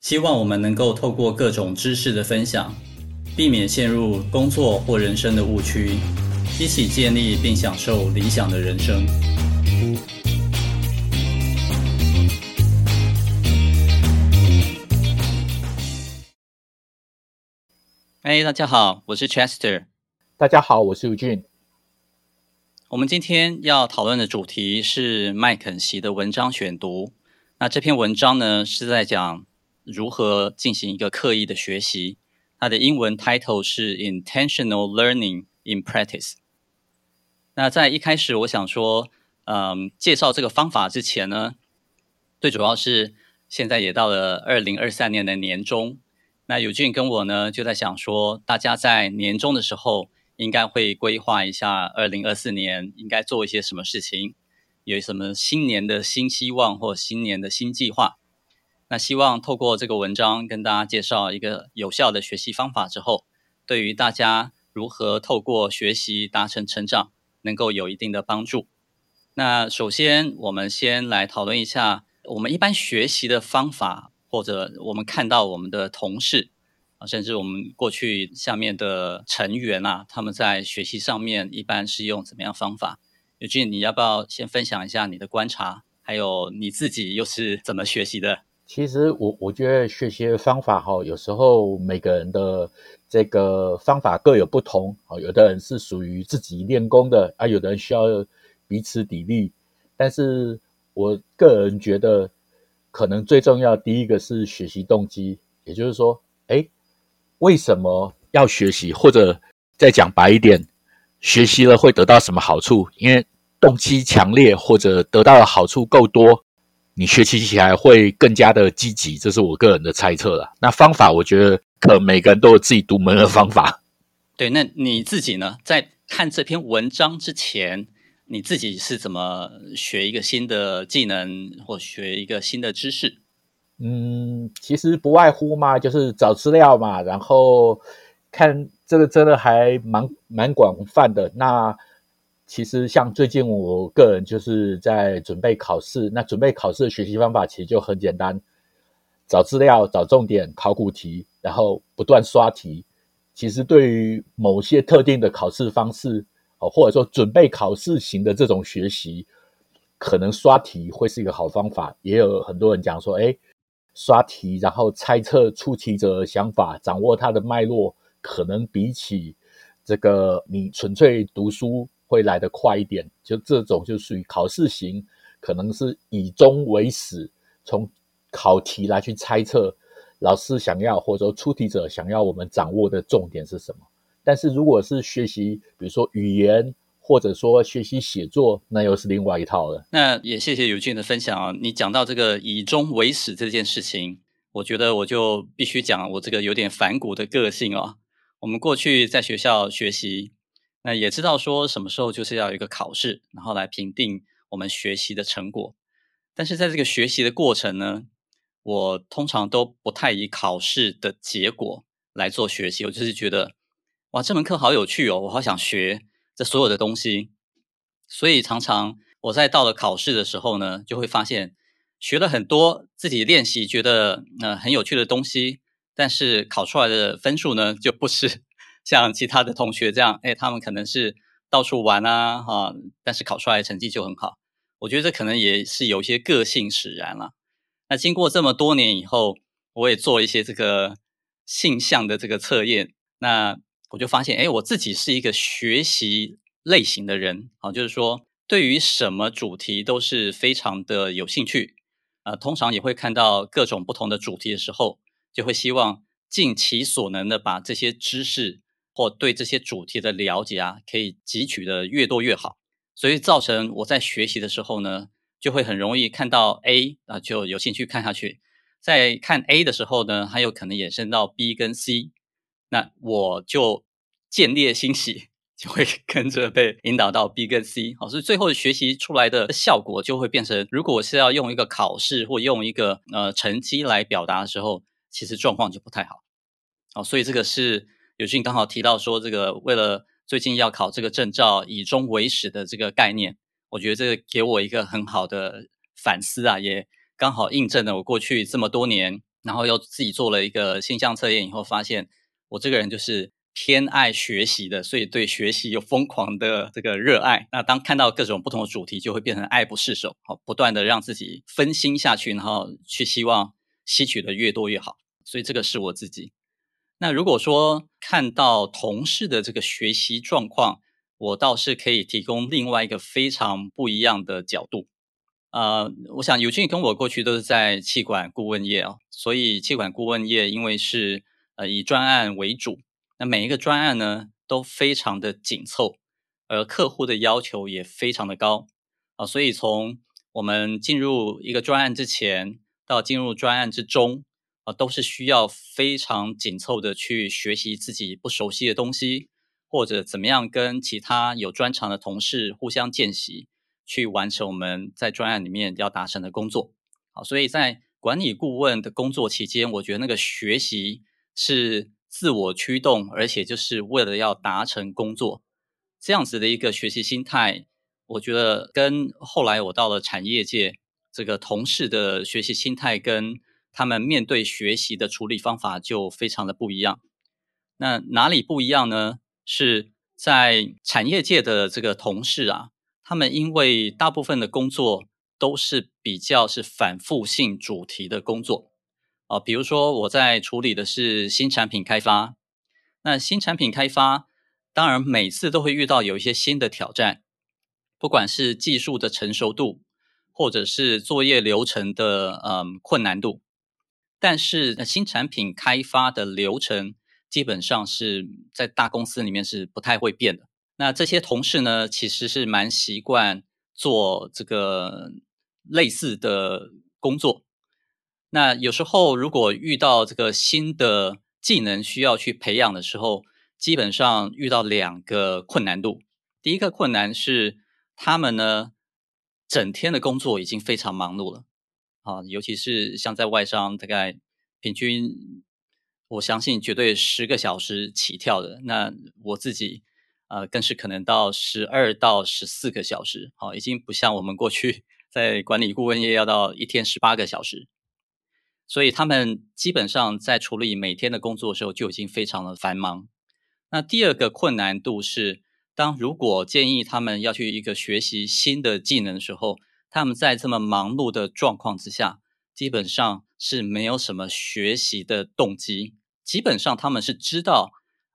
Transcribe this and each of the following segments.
希望我們能夠透過各種知識的分享，避免陷入工作或人生的誤區，一起建立並享受理想的人生。哎、嗯，Hey, 大家好，我是 Chester。大家好，我是 Eugene。我們今天要討論的主題是麥肯錫的文章選讀。那這篇文章呢，是在講，如何進行一個刻意的學習？它的英文 title 是 Intentional Learning in Practice。那在一開始，我想說，嗯，介紹這個方法之前呢，最主要是現在也到了二零二三年的年終。那尤金跟我呢，就在想說，大家在年終的時候，應該會規劃一下二零二四年應該做一些什麼事情，有什麼新年的新希望或新年的新計劃。那希望透過這個文章跟大家介紹一個有效的學習方法之後，對於大家如何透過學習達成成長，能夠有一定的幫助。那首先，我們先來討論一下我們一般學習的方法，或者我們看到我們的同事啊，甚至我們過去下面的成員啊，他們在學習上面一般是用怎麼樣方法？尤金，你要不要先分享一下你的觀察，還有你自己又是怎麼學習的？其實我我覺得學習的方法哈，有時候每個人的這個方法各有不同啊。有的人是屬於自己練功的啊，有的人需要彼此砥礪。但是我個人覺得，可能最重要第一個是學習動機，也就是說，哎、欸，為什麼要學習？或者再講白一點，學習了會得到什麼好處？因為動機強烈或者得到的好處夠多。你學習起來會更加的積極，這是我個人的猜測了。那方法，我覺得可每個人都有自己獨門的方法。對，那你自己呢？在看這篇文章之前，你自己是怎麼學一個新的技能，或學一個新的知識？嗯，其實不外乎嘛，就是找資料嘛，然後看這個真的還蠻蠻廣泛的。那其實，像最近我個人就是在準備考試，那準備考試的學習方法其實就很簡單：找資料、找重點、考古題，然後不斷刷題。其實，對於某些特定的考試方式，哦，或者說準備考試型的這種學習，可能刷題會是一個好方法。也有很多人講說，哎，刷題，然後猜測出題者的想法，掌握它的脈絡，可能比起這個你純粹讀書，會來得快一點，就這種就屬於考試型，可能是以終為始，從考題來去猜測老師想要或者說出題者想要我們掌握的重點是什麼。但是如果是學習，比如說語言，或者說學習寫作，那又是另外一套了。那也謝謝尤金的分享啊、哦！你講到這個以終為始這件事情，我覺得我就必須講我這個有點反骨的個性啊、哦。我們過去在學校學習。那、呃、也知道說什麼時候就是要有一個考試，然後來評定我們學習的成果。但是在這個學習的過程呢，我通常都不太以考試的結果來做學習。我就是覺得，哇，這門課好有趣哦，我好想學這所有的東西。所以常常我在到了考試的時候呢，就會發現學了很多自己練習覺得呃很有趣的東西，但是考出來的分數呢就不是，像其他的同學這樣，哎，他們可能是到處玩啊，哈，但是考出來的成績就很好。我覺得這可能也是有一些個性使然了，啊。那經過這麼多年以後，我也做一些這個性向的這個測驗，那我就發現，哎，我自己是一個學習類型的人，好，就是說對於什麼主題都是非常的有興趣，呃，通常也會看到各種不同的主題的時候，就會希望盡其所能的把這些知識。或對這些主題的了解啊，可以汲取的越多越好，所以造成我在學習的時候呢，就會很容易看到 A 啊、呃，就有興趣看下去。在看 A 的時候呢，還有可能衍生到 B 跟 C，那我就見獵心喜就會跟着被引導到 B 跟 C，哦。好，所以最後學習出來的效果就會變成，如果我是要用一個考試或用一個呃成績來表達的時候，其實狀況就不太好。好，哦，所以這個是。尤金剛好提到說，這個為了最近要考這個證照，以終為始的這個概念，我覺得這個給我一個很好的反思啊，也剛好印證了我過去這麼多年，然後又自己做了一個性向測驗以後，發現我這個人就是偏愛學習的，所以對學習有瘋狂的這個熱愛。那當看到各種不同的主題，就會變成愛不釋手，好，不斷的讓自己分心下去，然後去希望吸取的越多越好。所以這個是我自己。那如果說看到同事的這個學習狀況，我倒是可以提供另外一個非常不一樣的角度。呃，我想尤金跟我過去都是在企管顧問業哦，所以企管顧問業因為是呃以專案為主，那每一個專案呢都非常的緊湊，而客戶的要求也非常的高啊。呃，所以從我們進入一個專案之前到進入專案之中。都是需要非常緊湊的去學習自己不熟悉的東西，或者怎麼樣跟其他有專長的同事互相見習，去完成我們在專案裡面要達成的工作。好，所以在管理顧問的工作期間，我覺得那個學習是自我驅動，而且就是為了要達成工作。這樣子的一個學習心態，我覺得跟後來我到了產業界，這個同事的學習心態跟。他們面對學習的處理方法就非常的不一樣。那哪裡不一樣呢？是在產業界的這個同事啊，他們因為大部分的工作都是比較是反復性主題的工作啊，比如說我在處理的是新產品開發，那新產品開發當然每次都會遇到有一些新的挑戰，不管是技術的成熟度，或者是作業流程的，嗯，困難度。但是，新產品開發的流程基本上是在大公司裡面是不太會變的。那這些同事呢，其實是蠻習慣做這個類似的工作。那有時候如果遇到這個新的技能需要去培養的時候，基本上遇到兩個困難度。第一個困難是，他們呢整天的工作已經非常忙碌了。啊，尤其是像在外商，大概平均，我相信絕對十個小時起跳的。那我自己，呃，更是可能到十二到十四個小時。好，已經不像我們過去在管理顧問業要到一天十八個小時。所以他們基本上在處理每天的工作的時候就已經非常的繁忙。那第二個困難度是，當如果建議他們要去一個學習新的技能的時候。他們在這麼忙碌的狀況之下，基本上是沒有什麼學習的動機。基本上他們是知道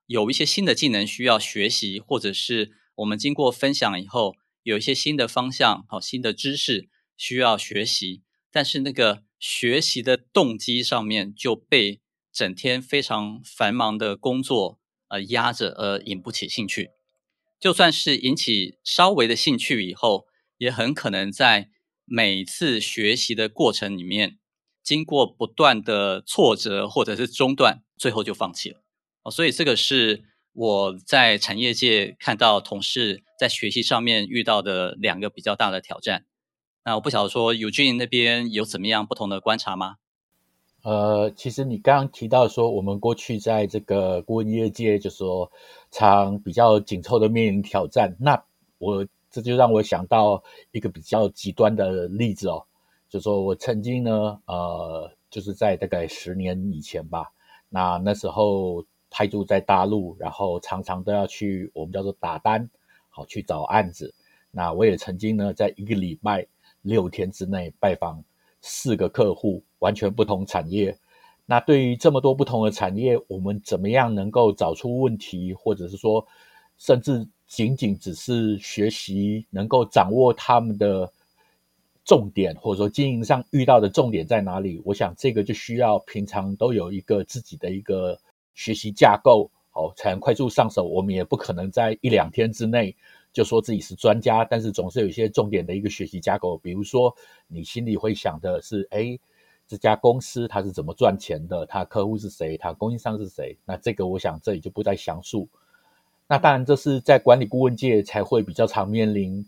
有一些新的技能需要學習，或者是我們經過分享以後，有一些新的方向，好，新的知識需要學習，但是那個學習的動機上面就被整天非常繁忙的工作呃壓着，而引不起興趣。就算是引起稍微的興趣以後。也很可能在每次學習的過程裡面，經過不斷的挫折或者是中斷，最後就放棄了。哦，所以這個是我在產業界看到同事在學習上面遇到的兩個比較大的挑戰。那我不曉得說 Eugene 那邊有怎麼樣不同的觀察嗎？呃，其實你剛剛提到說，我們過去在這個工業界就是說，常比較緊湊的面臨挑戰。那我。這就讓我想到一個比較極端的例子哦，就說我曾經呢，呃，就是在大概十年以前吧，那那時候派駐在大陸，然後常常都要去我們叫做打單，好去找案子。那我也曾經呢，在一個禮拜六天之內拜訪四個客戶，完全不同產業。那對於這麼多不同的產業，我們怎麼樣能夠找出問題，或者是說，甚至。僅僅只是學習能夠掌握他們的重點，或者說經營上遇到的重點在哪裡？我想這個就需要平常都有一個自己的一個學習架構，哦，才能快速上手。我們也不可能在一兩天之內就說自己是專家，但是總是有一些重點的一個學習架構。比如說，你心裡會想的是，哎，這家公司它是怎麼賺錢的？它客戶是誰？它供應商是誰？那這個我想這裡就不再詳述。那當然，這是在管理顧問界才會比較常面臨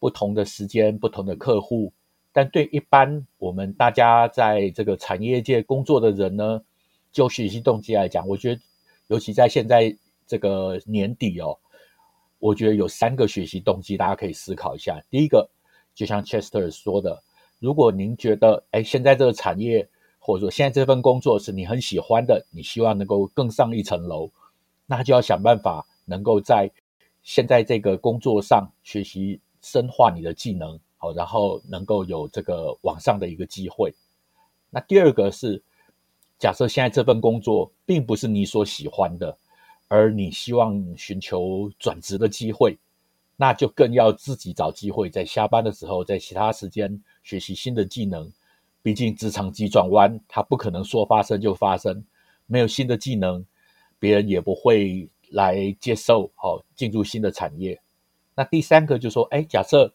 不同的時間、不同的客戶。但對一般我們大家在這個產業界工作的人呢，就學習動機來講，我覺得，尤其在現在這個年底哦，我覺得有三個學習動機，大家可以思考一下。第一個，就像 Chester 說的，如果您覺得，哎，現在這個產業或者說現在這份工作是你很喜歡的，你希望能夠更上一層樓，那就要想辦法。能夠在現在這個工作上學習深化你的技能，好，然後能夠有這個往上的一個機會。那第二個是，假設現在這份工作並不是你所喜歡的，而你希望尋求轉職的機會，那就更要自己找機會，在下班的時候，在其他時間學習新的技能。畢竟職場急轉彎，它不可能說發生就發生，沒有新的技能，別人也不會。來接受，好、哦、進入新的產業。那第三個就是說，誒、哎、假設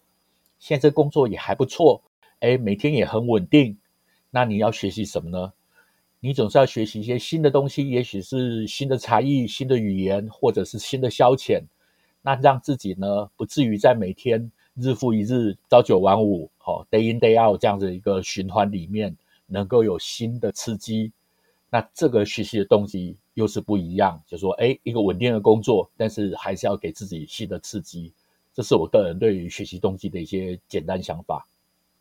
現在工作也還不錯，誒、哎、每天也很穩定，那你要學習什麼呢？你總是要學習一些新的東西，也許是新的才藝、新的語言，或者是新的消遣，那讓自己呢不至於在每天日復一日、朝九晚五、好、哦、day in day out 這樣子一個循環裡面，能夠有新的刺激。那這個學習的動機又是不一樣，就是、說，哎，一個穩定的工作，但是還是要給自己新的刺激，這是我個人對於學習動機的一些簡單想法。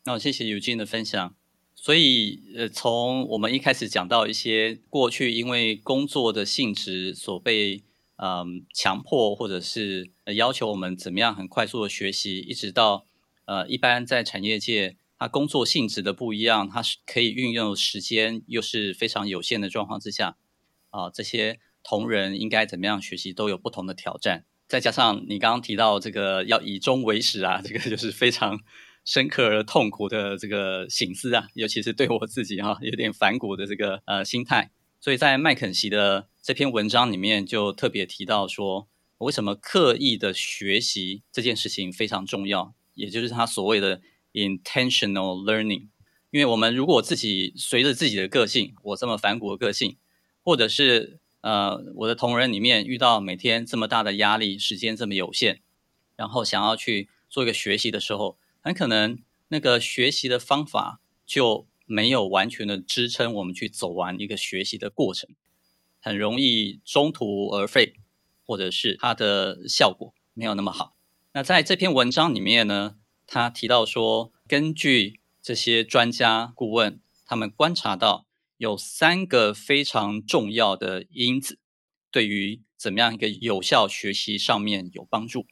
那、哦、謝謝尤金的分享。所以，呃，從我們一開始講到一些過去因為工作的性質所被，嗯、呃，強迫或者是、呃、要求我們怎麼樣很快速的學習，一直到，呃，一般在產業界。他工作性質的不一樣，他是可以運用時間，又是非常有限的狀況之下，啊，這些同仁應該怎麼樣學習都有不同的挑戰。再加上你剛剛提到這個要以終為始啊，這個就是非常深刻而痛苦的這個省思啊，尤其是對我自己啊，有點反骨的這個呃心態。所以在麥肯錫的這篇文章裡面就特別提到說，為什麼刻意的學習這件事情非常重要，也就是他所謂的。Intentional learning，因為我們如果自己隨着自己的個性，我這麼反骨的個性，或者是呃我的同仁裡面遇到每天這麼大的壓力，時間這麼有限，然後想要去做一個學習的時候，很可能那個學習的方法就沒有完全的支撐我們去走完一個學習的過程，很容易中途而廢，或者是它的效果沒有那麼好。那在這篇文章裡面呢？他提到說，根據這些專家顧問，他們觀察到有三個非常重要的因子，對於怎麼樣一個有效學習上面有幫助。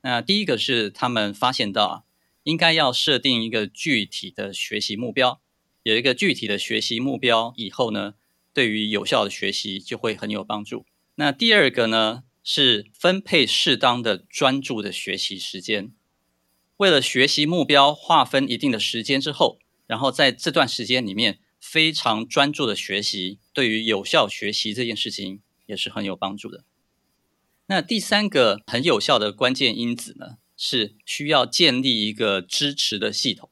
那第一個是他們發現到啊，應該要設定一個具體的學習目標，有一個具體的學習目標以後呢，對於有效的學習就會很有幫助。那第二個呢，是分配適當的專注的學習時間。為了學習目標，劃分一定的時間之後，然後在這段時間裡面非常專注的學習，對於有效學習這件事情也是很有幫助的。那第三個很有效的關鍵因子呢，是需要建立一個支持的系統。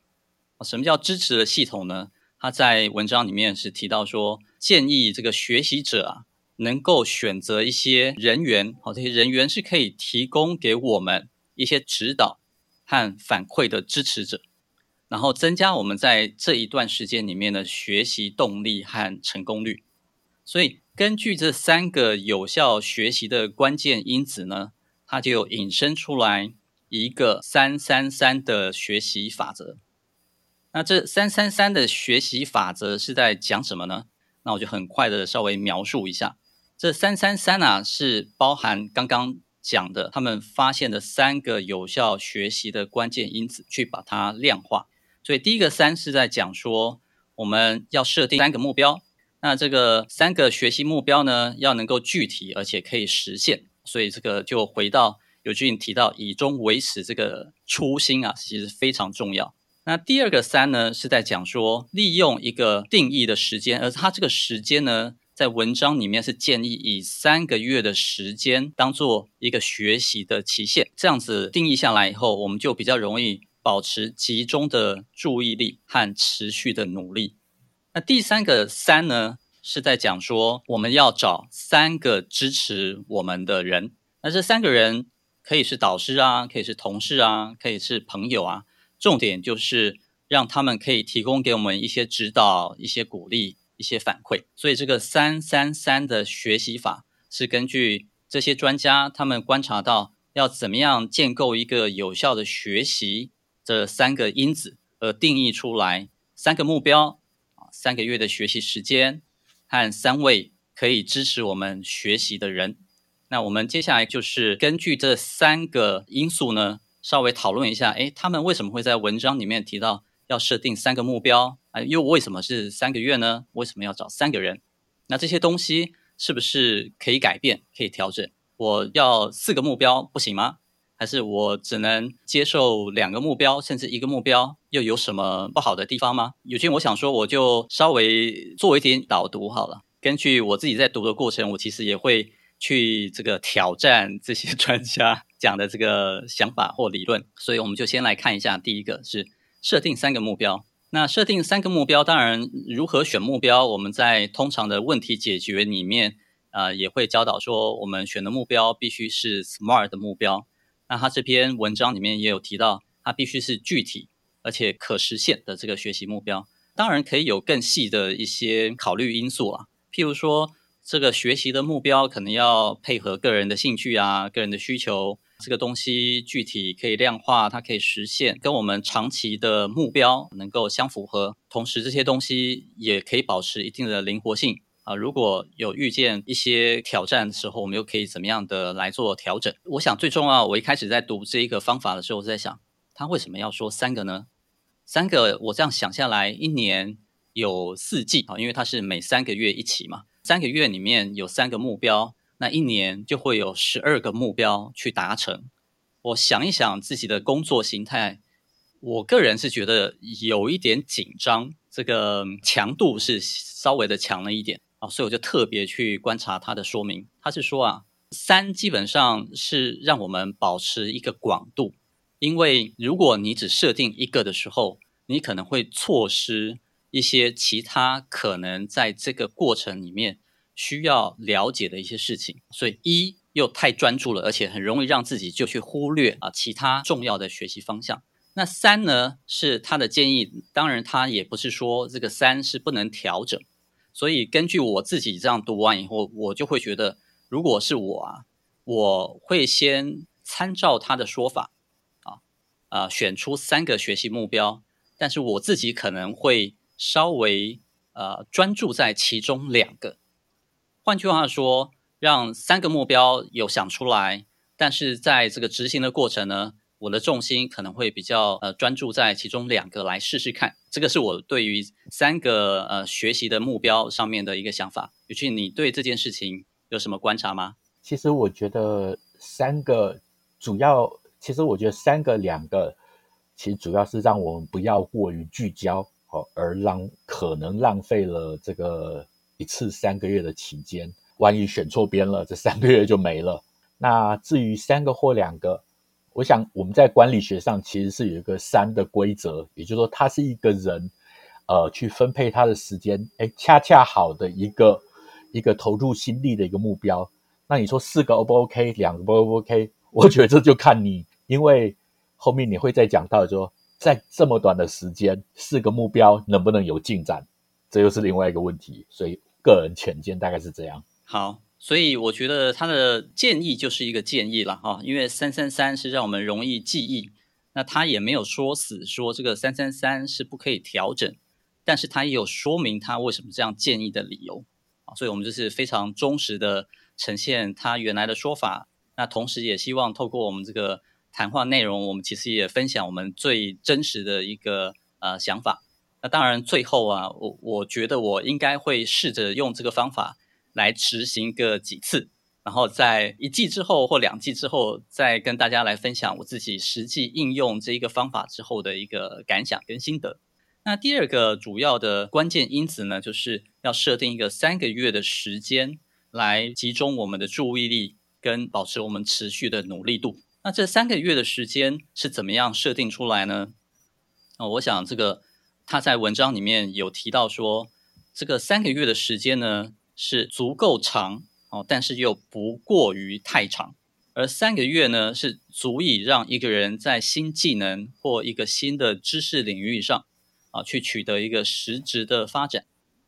什麼叫支持的系統呢？他在文章裡面是提到說，建議這個學習者啊，能夠選擇一些人員，好，這些人員是可以提供給我們一些指導。和反饋的支持者，然後增加我們在這一段時間裡面的學習動力和成功率。所以根據這三個有效學習的關鍵因子呢，它就引申出來一個三三三的學習法則。那這三三三的學習法則是在講什麼呢？那我就很快的稍微描述一下。這三三三啊是包含剛剛。講的，他們發現的三個有效學習的關鍵因子，去把它量化。所以第一個三是在講說，我們要設定三個目標。那這個三個學習目標呢，要能夠具體而且可以實現。所以這個就回到尤金你提到“以終為始”，這個初心啊，其實非常重要。那第二個三呢，是在講說，利用一個定義的時間，而它這個時間呢。在文章裡面是建議以三個月的時間當做一個學習的期限，這樣子定義下來以後，我們就比較容易保持集中的注意力和持續的努力。那第三個三呢，是在講說我們要找三個支持我們的人，那這三個人可以是導師啊，可以是同事啊，可以是朋友啊，重點就是讓他們可以提供給我們一些指導，一些鼓勵。一些反饋，所以這個三三三的學習法是根據這些專家他們觀察到要怎麼樣建構一個有效的學習，這三個因子而定義出來三個目標，三個月的學習時間和三位可以支持我們學習的人。那我們接下來就是根據這三個因素呢，稍微討論一下，誒，他們為什麼會在文章裡面提到？要設定三個目標啊、哎？又為什麼是三個月呢？為什麼要找三個人？那這些東西是不是可以改變、可以調整？我要四個目標不行嗎？還是我只能接受兩個目標，甚至一個目標？又有什麼不好的地方嗎？有些我想說，我就稍微做一點導讀好了。根據我自己在讀的過程，我其實也會去這個挑戰這些專家講的這個想法或理論。所以，我們就先來看一下，第一個是。設定三個目標。那設定三個目標，當然如何選目標，我們在通常的問題解決裡面，啊、呃，也會教導說，我們選的目標必須是 SMART 的目標。那他這篇文章裡面也有提到，它必須是具體而且可實現的這個學習目標。當然可以有更細的一些考慮因素啊，譬如說這個學習的目標可能要配合個人的興趣啊，個人的需求。這個東西具體可以量化，它可以實現，跟我們長期的目標能夠相符合，同時這些東西也可以保持一定的靈活性啊。如果有遇見一些挑戰的時候，我們又可以怎麼樣的來做調整？我想最重要，我一開始在讀這一個方法的時候，我在想他為什麼要說三個呢？三個，我這樣想下來，一年有四季啊，因為它是每三個月一期嘛，三個月裡面有三個目標。那一年就會有十二個目標去達成。我想一想自己的工作形態，我個人是覺得有一點緊張，這個強度是稍微的強了一點啊，所以我就特別去觀察他的說明。他是說啊，三基本上是讓我們保持一個廣度，因為如果你只設定一個的時候，你可能會錯失一些其他可能在這個過程裡面。需要了解的一些事情，所以一又太專注了，而且很容易讓自己就去忽略啊其他重要的學習方向。那三呢是他的建議，當然他也不是說這個三是不能調整。所以根據我自己這樣讀完以後，我就會覺得，如果是我啊，我會先參照他的說法，啊啊，選出三個學習目標，但是我自己可能會稍微呃專注在其中兩個。換句話說，讓三個目標有想出來，但是在這個執行的過程呢，我的重心可能會比較呃專注在其中兩個來試試看。這個是我對於三個呃學習的目標上面的一個想法。尤金，你對這件事情有什麼觀察嗎？其實我覺得三個主要，其實我覺得三個兩個，其實主要是讓我們不要過於聚焦，好、哦、而讓可能浪費了這個。一次三個月的期間，萬一選錯邊了，這三個月就沒了。那至於三個或兩個，我想我們在管理學上其實是有一個三的規則，也就是說，他是一個人，呃，去分配他的時間，哎，恰恰好的一個一個投入心力的一個目標。那你說四個 O 不 OK，兩個 O 不 OK？我覺得這就看你，因為後面你會再講到說，說在這麼短的時間，四個目標能不能有進展，這又是另外一個問題。所以。個人淺見大概是這樣。好，所以我覺得他的建議就是一個建議了哈，因為三三三是讓我們容易記憶。那他也沒有說死說這個三三三是不可以調整，但是他也有說明他為什麼這樣建議的理由啊。所以我們就是非常忠實的呈現他原來的說法。那同時也希望透過我們這個談話內容，我們其實也分享我們最真實的一個呃想法。那當然，最後啊，我我覺得我應該會試着用這個方法來執行個幾次，然後在一季之後或兩季之後，再跟大家來分享我自己實際應用這一個方法之後的一個感想跟心得。那第二個主要的關鍵因子呢，就是要設定一個三個月的時間來集中我們的注意力跟保持我們持續的努力度。那這三個月的時間是怎麼樣設定出來呢？那，哦，我想這個。他在文章裡面有提到說，這個三個月的時間呢是足夠長哦，但是又不過於太長，而三個月呢是足以讓一個人在新技能或一個新的知識領域上啊去取得一個實質的發展，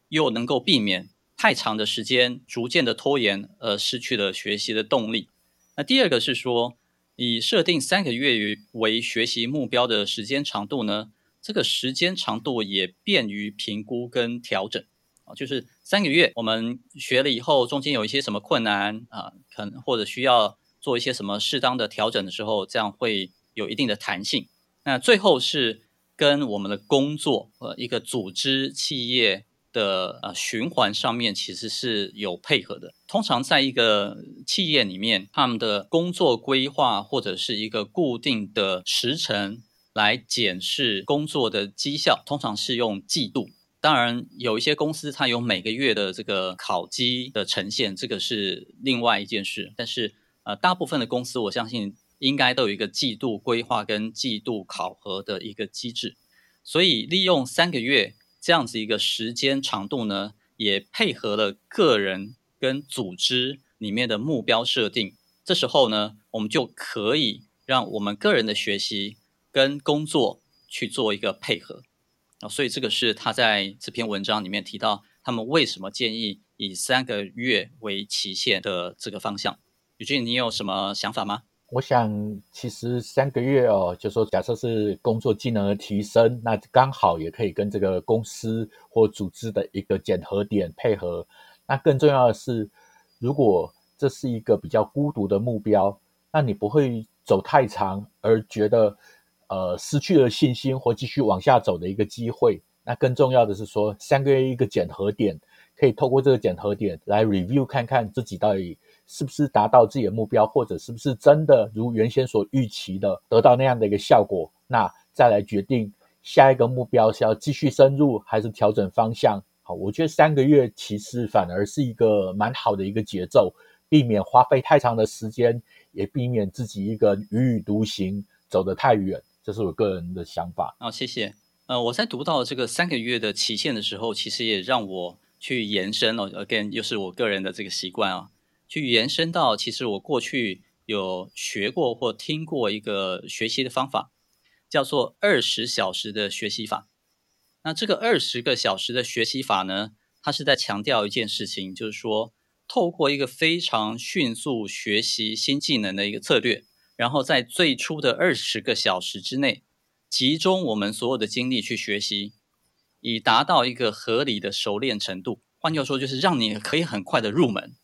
又能夠避免太長的時間逐漸的拖延而失去了學習的動力。那第二個是說，以設定三個月為學習目標的時間長度呢？這個時間長度也便於評估跟調整啊，就是三個月，我們學了以後，中間有一些什麼困難啊，可能或者需要做一些什麼適當的調整的時候，這樣會有一定的彈性。那最後是跟我們的工作呃一個組織企業的呃循環上面其實是有配合的。通常在一個企業裡面，他們的工作規劃或者是一個固定的時程。來檢視工作的績效，通常是用季度。當然，有一些公司它有每個月的這個考績的呈現，這個是另外一件事。但是，呃，大部分的公司，我相信應該都有一個季度規劃跟季度考核的一個機制。所以，利用三個月這樣子一個時間長度呢，也配合了個人跟組織裡面的目標設定。這時候呢，我們就可以讓我們個人的學習。跟工作去做一個配合啊、哦，所以這個是他在這篇文章裡面提到，他們為什麼建議以三個月為期限的這個方向。尤金，你有什麼想法嗎？我想，其實三個月哦，就說假設是工作技能的提升，那剛好也可以跟這個公司或組織的一個檢核點配合。那更重要的是，如果這是一個比較孤獨的目標，那你不會走太長而覺得。呃，失去了信心或繼續往下走的一個機會。那更重要的是說，三個月一個檢核點，可以透過這個檢核點來 review，看看自己到底是不是達到自己的目標，或者是不是真的如原先所預期的得到那樣的一個效果。那再來決定下一個目標是要繼續深入還是調整方向。好，我覺得三個月其實反而是一個蠻好的一個節奏，避免花費太長的時間，也避免自己一個踽踽獨行，走得太遠。這是我個人的想法。好、哦，謝謝。呃，我在讀到這個三個月的期限的時候，其實也讓我去延伸了、哦。Again，又是我個人的這個習慣啊、哦，去延伸到其實我過去有學過或聽過一個學習的方法，叫做二十小時的學習法。那這個二十個小時的學習法呢，它是在強調一件事情，就是說，透過一個非常迅速學習新技能的一個策略。然後在最初的二十個小時之內，集中我們所有的精力去學習，以達到一個合理的熟練程度。換句話說，就是讓你可以很快的入門，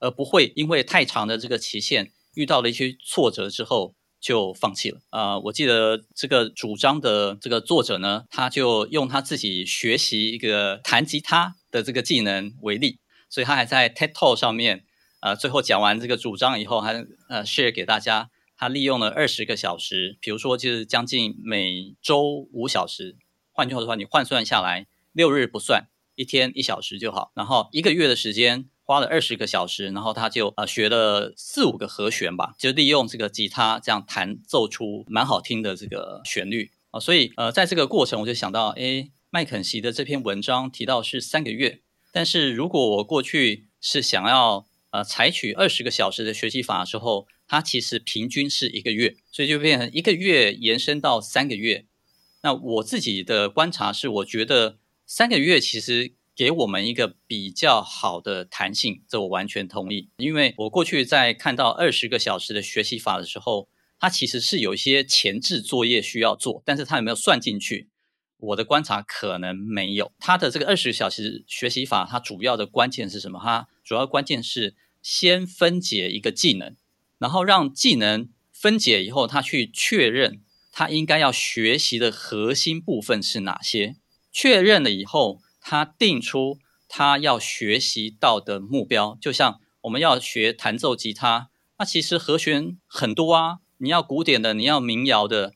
而不會因為太長的這個期限遇到了一些挫折之後就放棄了。呃，我記得這個主張的這個作者呢，他就用他自己學習一個彈吉他的這個技能為例，所以他還在 TED Talk 上面，呃，最後講完這個主張以後還，還呃 share 給大家。他利用了二十個小時，比如說就是將近每周五小時。換句話的話，你換算下來，六日不算，一天一小時就好。然後一個月的時間花了二十個小時，然後他就呃學了四五個和弦吧，就利用這個吉他這樣彈奏出蠻好聽的這個旋律啊。所以呃，在這個過程，我就想到，誒，麥肯錫的這篇文章提到是三個月，但是如果我過去是想要呃採取二十個小時的學習法的時候。它其實平均是一個月，所以就變成一個月延伸到三個月。那我自己的觀察是，我覺得三個月其實給我們一個比較好的彈性，這我完全同意。因為我過去在看到二十個小時的學習法的時候，它其實是有一些前置作業需要做，但是它有沒有算進去？我的觀察可能沒有。它的這個二十個小時學習法，它主要的關鍵是什麼？它主要關鍵是先分解一個技能。然後讓技能分解以後，他去確認他應該要學習的核心部分是哪些。確認了以後，他定出他要學習到的目標。就像我們要學彈奏吉他，那其實和弦很多啊，你要古典的，你要民謠的，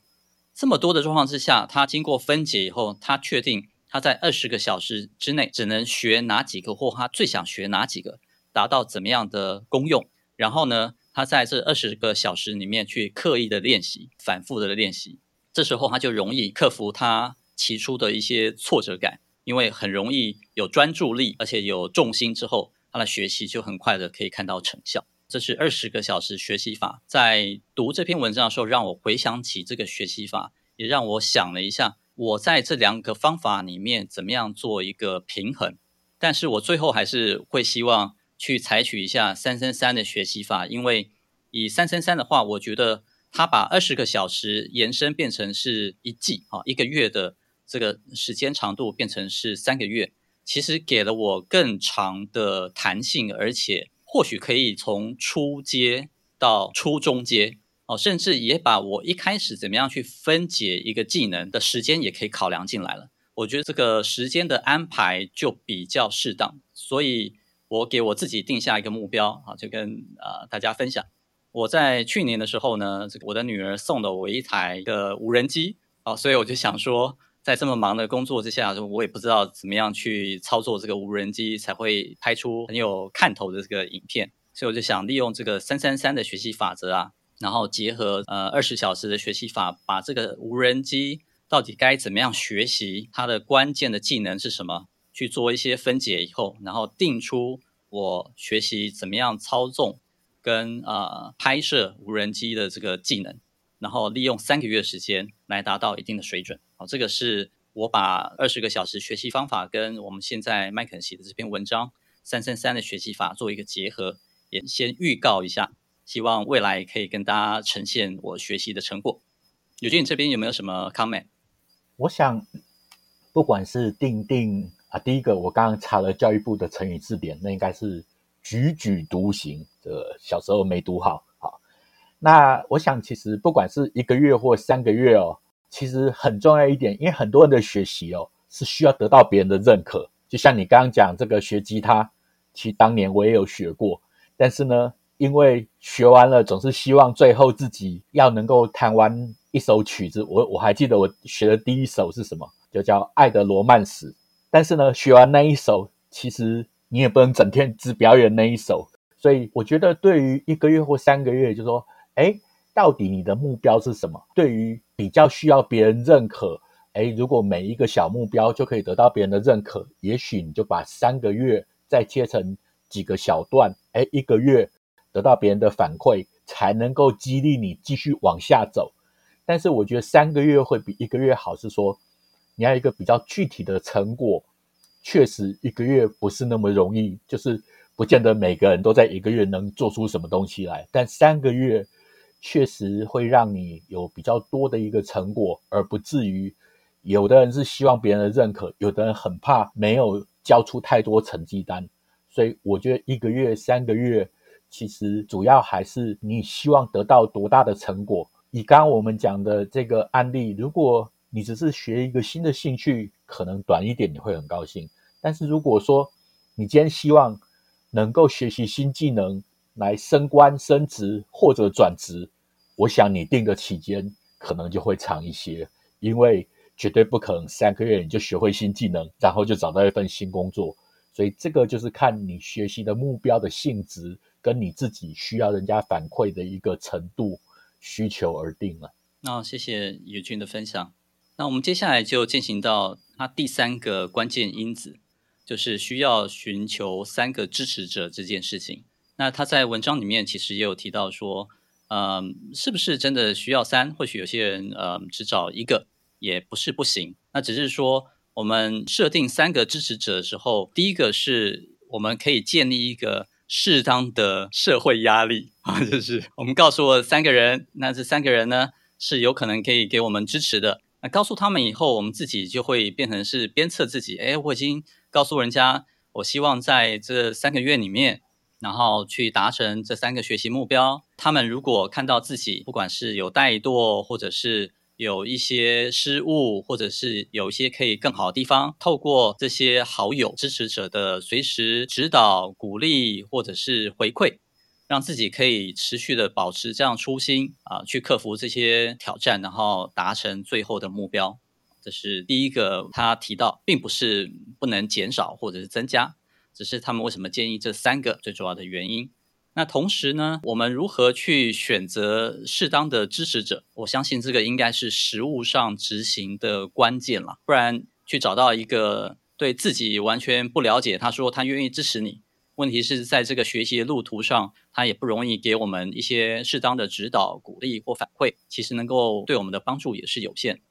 這麼多的狀況之下，他經過分解以後，他確定他在二十個小時之內只能學哪幾個，或他最想學哪幾個，達到怎麼樣的功用。然後呢？他在這二十個小時裡面去刻意的練習，反覆的練習，這時候他就容易克服他起初的一些挫折感，因為很容易有專注力，而且有重心之後，他的學習就很快的可以看到成效。這是二十個小時學習法。在讀這篇文章的時候，讓我回想起這個學習法，也讓我想了一下，我在這兩個方法裡面怎麼樣做一個平衡，但是我最後還是會希望，去採取一下三三三的學習法，因為以三三三的話，我覺得它把二十個小時延伸變成是一季啊，一個月的這個時間長度變成是三個月，其實給了我更長的彈性，而且或許可以從初階到初中階哦，甚至也把我一開始怎麼樣去分解一個技能的時間也可以考量進來了。我覺得這個時間的安排就比較適當，所以。我給我自己定下一個目標啊，就跟啊大家分享。我在去年的時候呢，這個我的女兒送了我一台的無人機啊，所以我就想說，在這麼忙的工作之下，我也不知道怎麼樣去操作這個無人機，才會拍出很有看頭的這個影片。所以我就想利用這個三三三的學習法則啊，然後結合呃二十小時的學習法，把這個無人機到底該怎麼樣學習，它的關鍵的技能是什麼。去做一些分解以後，然後定出我學習怎麼樣操縱跟，呃拍攝無人機的這個技能，然後利用三個月時間來達到一定的水準。好、哦，這個是我把二十個小時學習方法跟我們現在麥肯錫的這篇文章“三三三”的學習法做一個結合，也先預告一下，希望未來可以跟大家呈現我學習的成果。尤金，你這邊有沒有什麼 comment？我想，不管是定定。啊、第一個，我剛剛查了教育部的成語字典，那應該是“踽踽獨行”。這個、小時候沒讀好。好，那我想其實不管是一個月或三個月哦，其實很重要一點，因為很多人的學習哦是需要得到別人的認可。就像你剛剛講這個學吉他，其實當年我也有學過，但是呢，因為學完了總是希望最後自己要能夠彈完一首曲子。我我還記得我學的第一首是什麼，就叫《愛德羅曼史》。但是呢，學完那一首，其實你也不能整天只表演那一首。所以我覺得，對於一個月或三個月，就是說，哎、欸，到底你的目標是什麼？對於比較需要別人認可，哎、欸，如果每一個小目標就可以得到別人的認可，也許你就把三個月再切成幾個小段，哎、欸，一個月得到別人的反饋，才能夠激勵你繼續往下走。但是我覺得三個月會比一個月好，是說。你要一個比較具體的成果，確實一個月不是那麼容易，就是不見得每個人都在一個月能做出什麼東西來。但三個月確實會讓你有比較多的一個成果，而不至於有的人是希望別人的認可，有的人很怕沒有交出太多成績單。所以我覺得一個月、三個月，其實主要還是你希望得到多大的成果。以剛剛我們講的這個案例，如果你只是學一個新的興趣，可能短一點你會很高興。但是如果說你今天希望能夠學習新技能來升官升職或者轉職，我想你定個期間可能就會長一些，因為絕對不可能三個月你就學會新技能，然後就找到一份新工作。所以這個就是看你學習的目標的性質，跟你自己需要人家反饋的一個程度需求而定了。那、哦、謝謝尤金的分享。那我們接下來就進行到它第三個關鍵因子，就是需要尋求三個支持者這件事情。那他在文章裡面其實也有提到說，嗯，是不是真的需要三？或許有些人呃、嗯、只找一個也不是不行。那只是說，我們設定三個支持者的時候，第一個是我們可以建立一個適當的社會壓力啊，就是我們告訴我三個人，那這三個人呢是有可能可以給我們支持的。告訴他們以後，我們自己就會變成是鞭策自己。誒，我已經告訴人家，我希望在這三個月裡面，然後去達成這三個學習目標。他們如果看到自己，不管是有怠惰，或者是有一些失誤，或者是有一些可以更好的地方，透過這些好友、支持者的隨時指導、鼓勵，或者是回饋。讓自己可以持續的保持這樣初心啊，去克服這些挑戰，然後達成最後的目標。這是第一個他提到，並不是不能減少或者是增加，只是他們為什麼建議這三個最主要的原因。那同時呢，我們如何去選擇適當的支持者？我相信這個應該是實務上執行的關鍵了，不然去找到一個對自己完全不了解，他說他願意支持你。問題是在這個學習的路途上，他也不容易給我們一些適當的指導、鼓勵或反饋，其實能夠對我們的幫助也是有限。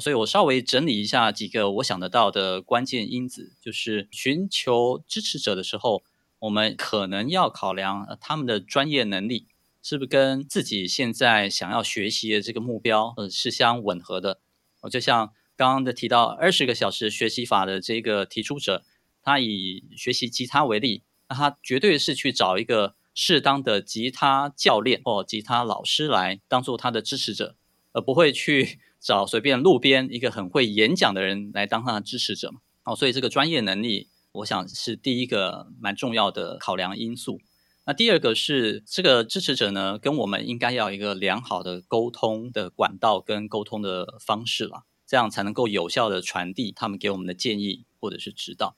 所以我稍微整理一下幾個我想得到的關鍵因子，就是尋求支持者的時候，我們可能要考量他們的專業能力是不是跟自己現在想要學習的這個目標，呃，是相吻合的。就像剛剛的提到二十個小時學習法的這個提出者，他以學習吉他為例。他絕對是去找一個適當的吉他教練或吉他老師來當做他的支持者，而不會去找隨便路邊一個很會演講的人來當他的支持者。哦，所以這個專業能力，我想是第一個蠻重要的考量因素。那第二個是這個支持者呢，跟我們應該要一個良好的溝通的管道跟溝通的方式了，這樣才能夠有效地傳遞他們給我們的建議或者是指導。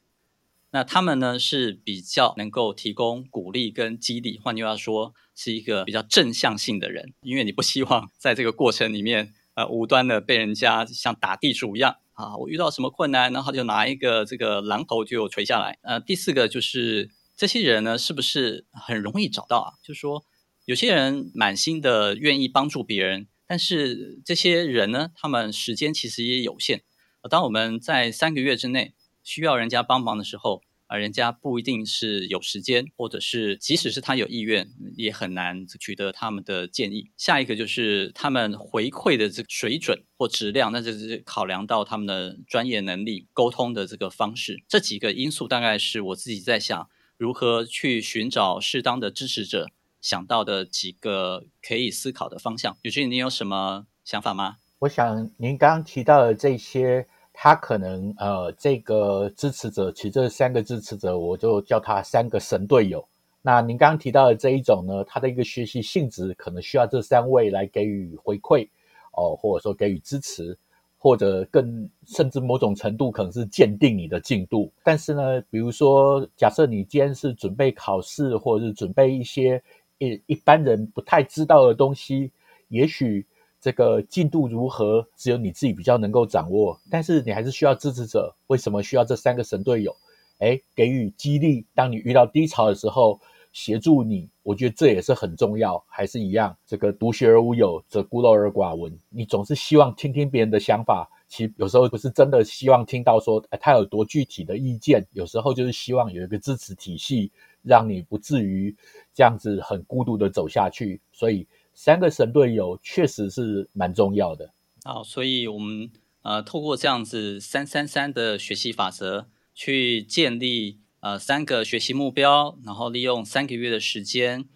那他們呢，是比較能夠提供鼓勵跟激勵，換句話說，是一個比較正向性的人，因為你不希望在這個過程裡面，呃，無端的被人家像打地主一樣啊，我遇到什麼困難，然後就拿一個這個榔頭就錘下來。呃，第四個就是這些人呢，是不是很容易找到啊？就是說，有些人滿心的願意幫助別人，但是這些人呢，他們時間其實也有限。啊，當我們在三個月之內，需要人家幫忙的時候，而人家不一定是有時間，或者是即使是他有意願，也很難取得他們的建議。下一個就是他們回饋的這個水準或質量，那就是考量到他們的專業能力、溝通的這個方式。這幾個因素大概是我自己在想如何去尋找適當的支持者想到的幾個可以思考的方向。尤金，你有什麼想法嗎？我想您剛剛提到的這些。他可能呃，這個支持者，其實這三個支持者，我就叫他三個神隊友。那您剛剛提到的這一種呢，他的一個學習性質，可能需要這三位來給予回饋，哦，或者說給予支持，或者更甚至某種程度可能是鑑定你的進度。但是呢，比如說假設你今天是準備考試，或者是準備一些一一般人不太知道的東西，也許。這個進度如何，只有你自己比較能夠掌握。但是你還是需要支持者。為什麼需要這三個神隊友？誒，給予激勵，當你遇到低潮的時候，協助你。我覺得這也是很重要。還是一樣，這個獨學而無友，則孤陋而寡聞。你總是希望聽聽別人的想法，其實有時候不是真的希望聽到說他有多具體的意見，有時候就是希望有一個支持體系，讓你不至於這樣子很孤獨的走下去。所以。三個神隊友，確實是蠻重要的。好，所以我們呃，透過這樣子三三三的學習法則去建立呃三個學習目標，然後利用三個月的時間，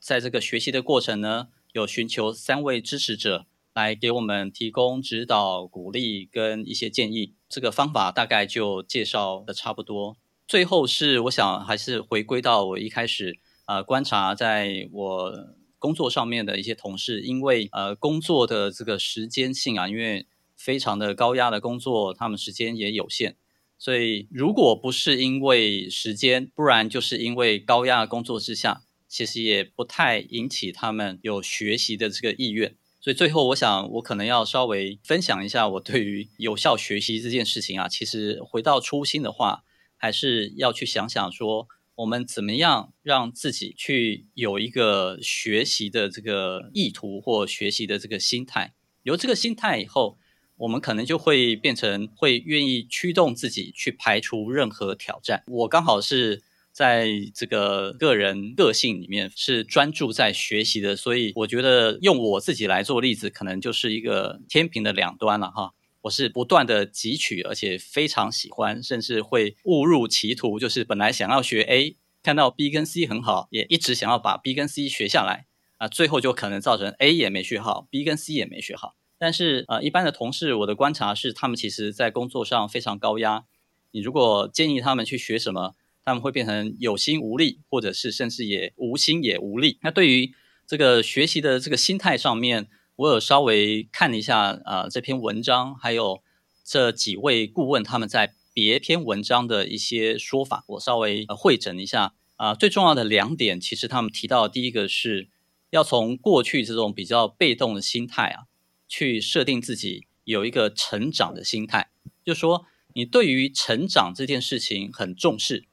在這個學習的過程呢，有尋求三位支持者來給我們提供指導、鼓勵跟一些建議。這個方法大概就介紹的差不多。最後是我想還是回歸到我一開始呃觀察在我。工作上面的一些同事，因為呃工作的這個時間性啊，因為非常的高壓的工作，他們時間也有限，所以如果不是因為時間，不然就是因為高壓工作之下，其實也不太引起他們有學習的這個意願。所以最後，我想我可能要稍微分享一下我對於有效學習這件事情啊，其實回到初心的話，還是要去想想說，我們怎麼樣讓自己去有一個學習的這個意圖或學習的這個心態？有這個心態以後，我們可能就會變成會願意驅動自己去排除任何挑戰。我剛好是在這個個人個性裡面是專注在學習的，所以我覺得用我自己來做例子，可能就是一個天平的兩端了哈。我是不斷地汲取，而且非常喜歡，甚至會誤入歧途。就是本來想要學 A，看到 B 跟 C 很好，也一直想要把 B 跟 C 學下來啊、呃，最後就可能造成 A 也沒學好，B 跟 C 也沒學好。但是啊、呃，一般的同事，我的觀察是，他們其實在工作上非常高壓。你如果建議他們去學什麼，他們會變成有心無力，或者是甚至也無心也無力。那對於這個學習的這個心態上面。我有稍微看一下啊、呃，這篇文章，還有這幾位顧問他們在別篇文章的一些說法，我稍微彙整、呃、一下啊、呃。最重要的兩點，其實他們提到，第一個是要從過去這種比較被動的心態啊，去設定自己有一個成長的心態，就是、說你對於成長這件事情很重視，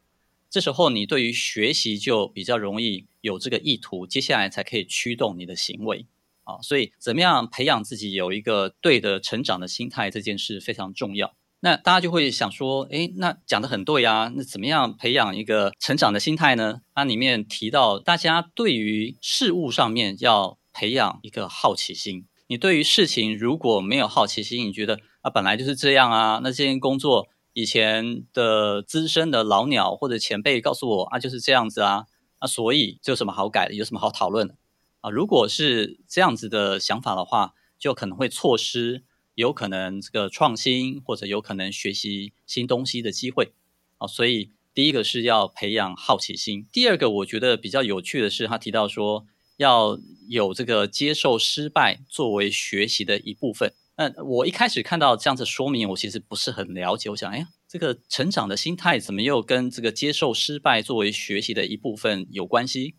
這時候你對於學習就比較容易有這個意圖，接下來才可以驅動你的行為。啊、哦，所以怎麼樣培養自己有一個對的成長的心態這件事非常重要。那大家就會想說，誒，那講得很對啊。那怎麼樣培養一個成長的心態呢？那、啊、裡面提到，大家對於事物上面要培養一個好奇心。你對於事情如果沒有好奇心，你覺得啊，本來就是這樣啊。那這件工作以前的資深的老鳥或者前輩告訴我啊，就是這樣子啊。啊，所以就有什麼好改的？有什麼好討論的？啊，如果是這樣子的想法的話，就可能會錯失有可能這個創新或者有可能學習新東西的機會啊。所以第一個是要培養好奇心。第二個，我覺得比較有趣的是，他提到說要有這個接受失敗作為學習的一部分。那我一開始看到這樣子說明，我其實不是很了解。我想，哎呀，這個成長的心態怎麼又跟這個接受失敗作為學習的一部分有關係？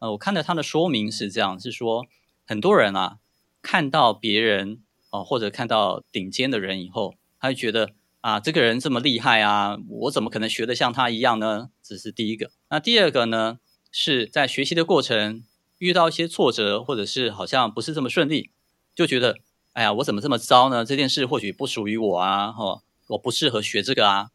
呃，我看到他的說明是這樣，是說很多人啊，看到別人哦、呃，或者看到頂尖的人以後，他就覺得啊，這個人這麼厲害啊，我怎麼可能學得像他一樣呢？這是第一個。那第二個呢，是在學習的過程遇到一些挫折，或者是好像不是這麼順利，就覺得哎呀，我怎麼這麼糟呢？這件事或許不屬於我啊，吼、哦，我不適合學這個啊。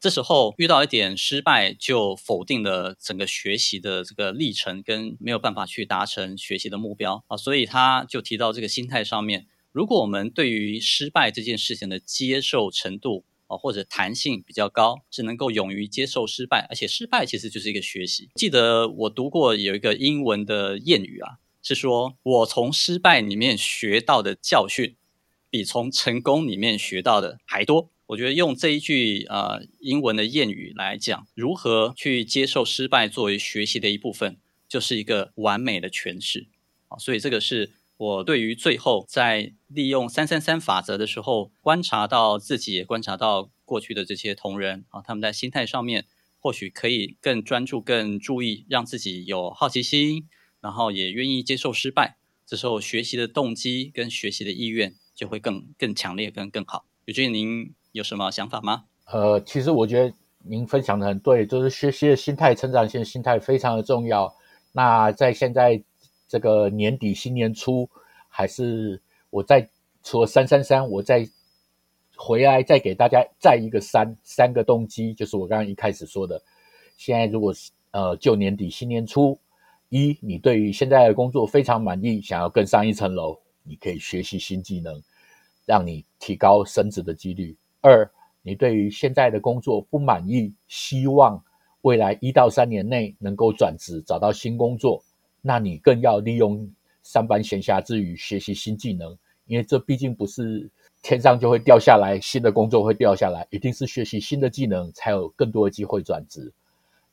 這時候遇到一點失敗，就否定了整個學習的這個歷程，跟沒有辦法去達成學習的目標啊，所以他就提到這個心態上面。如果我們對於失敗這件事情的接受程度啊，或者彈性比較高，是能夠勇於接受失敗，而且失敗其實就是一個學習。記得我讀過有一個英文的諺語啊，是說我從失敗裡面學到的教訓，比從成功裡面學到的還多。我覺得用這一句呃，英文的諺語來講，如何去接受失敗作為學習的一部分，就是一個完美的詮釋啊。所以這個是我對於最後在利用三三三法則的時候，觀察到自己也觀察到過去的這些同仁啊，他們在心態上面或許可以更專注、更注意，讓自己有好奇心，然後也願意接受失敗。這時候學習的動機跟學習的意願就會更更強烈跟更好。有覺得您。有什麼想法嗎？呃，其實我覺得您分享的很對，就是學習的心態、成長性的心態非常的重要。那在現在這個年底、新年初，還是我再除了三三三，我再回來再給大家再一個三三個動機，就是我剛剛一開始說的。現在如果是呃就年底新年初，一，你對於現在的工作非常滿意，想要更上一層樓，你可以學習新技能，讓你提高升職的幾率。二，你對於現在的工作不滿意，希望未來一到三年內能夠轉職找到新工作，那你更要利用上班閒暇之餘學習新技能，因為這畢竟不是天上就會掉下來，新的工作會掉下來，一定是學習新的技能才有更多的機會轉職。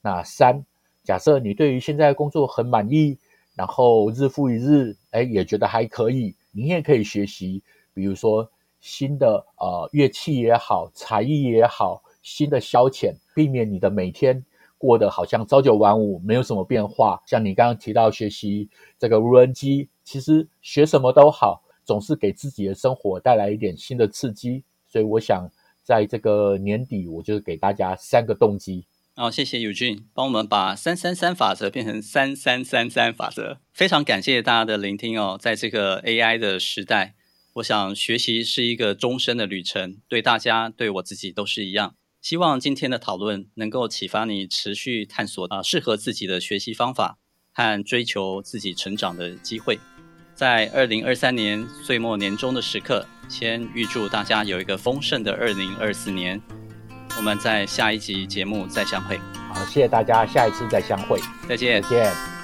那三，假設你對於現在工作很滿意，然後日復一日，哎，也覺得還可以，你也可以學習，比如說。新的呃樂器也好，才藝也好，新的消遣，避免你的每天過得好像朝九晚五，沒有什麼變化。像你剛剛提到學習這個無人機，其實學什麼都好，總是給自己的生活帶來一點新的刺激。所以我想在這個年底，我就給大家三個動機。好、哦，謝謝尤金幫我們把三三三法則變成三三三三法則。非常感謝大家的聆聽哦，在這個 AI 的時代。我想學習是一個終身的旅程，對大家，對我自己都是一樣。希望今天的討論能夠啟發你持續探索啊、呃，適合自己的學習方法和追求自己成長的機會。在二零二三年歲末年終的時刻，先預祝大家有一個豐盛的二零二四年。我們在下一集節目再相會。好，謝謝大家，下一次再相會。再見。再見。